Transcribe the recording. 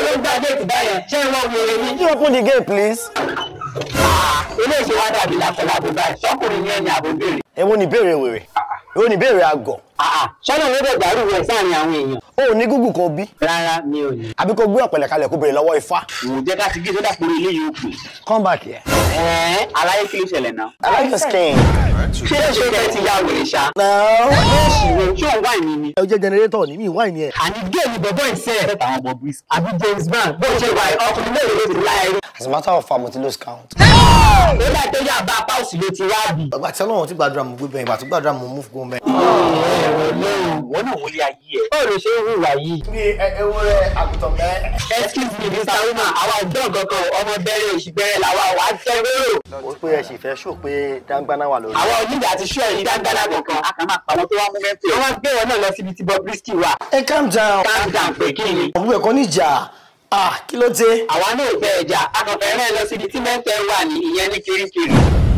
ilé ló gba géètì báyẹn ṣé wọ́n wo ewu. can you open the gate please. Ah, ilé ìṣe wa dàbí làkọlàbọ báyìí sọkùnrin yẹn ni àbò béèrè. èwo ni béèrè wèrè ah, ah. èwo ni béèrè àgọ̀. sọ́nà ló dẹ̀ dàrú rẹ̀ sáàrin àwọn èèyàn. o ò ní gúgù kan bí. rárá mi ò ní. àbí kò gbé ọ̀pẹ̀lẹ̀ kalẹ̀ kó béèrè lọ́wọ́ ifá. mo jẹ́ ká ti gé sódà pé ilé yóò pè. come back here. ẹ̀ẹ́n aláyé kí ló ṣẹlẹ̀ náà. aláyé kí ló ṣẹlẹ̀ náà. ṣé ṣe fẹ́ ti yá wèrè ṣá yẹn ṣé òun wáìnì ni. ẹ jẹ́ jẹnẹrétọ̀ ni mi wáìnì ẹ̀. àní géèmù bọ̀bọ̀ ìṣe àwọn ọmọ bíi àbí James Brown bó ṣe wà ọkùnrin mélòó ti láyé. as a matter of fact mo ti lose count. ó dà tó yà ṣọ́ọ̀ṣì ló ti wá bì. tí ọlọ́run ti gbàdúrà mo gbé ìgbà tó gbàdúrà mo move go bẹ́ẹ̀. wọ́n náà wọlé ayé ẹ̀. báwo ló ṣe ń hùwà yìí. bí ewu rẹ àgùntàn bẹ́ẹ̀. excuse me mr woman àwa ọjọ́ kankan ọmọ bẹ́rẹ̀ òṣì bẹ́rẹ̀ làwa wà á tẹ́ wérò. o pé ẹ sì fẹ́ ṣó pé dangbana wà lórí. àwọn onídìí àti ṣọ́ ẹ̀yìn dangbana kankan a kà máa pa àwọn tó wá mú mẹ́tò. wọ́n wá gbé wọn náà lọ síbi tí Bobrisky wà. ẹ calm down. calm down pé kí ni. ọ̀gbìn kan níjà Ah, kí ló dé? Àwa náà bẹ ẹja, akọ̀fẹ́ rẹ̀ lọ síbi tí mẹ́tẹ̀ wà ní ìyẹn ní Kirikiri.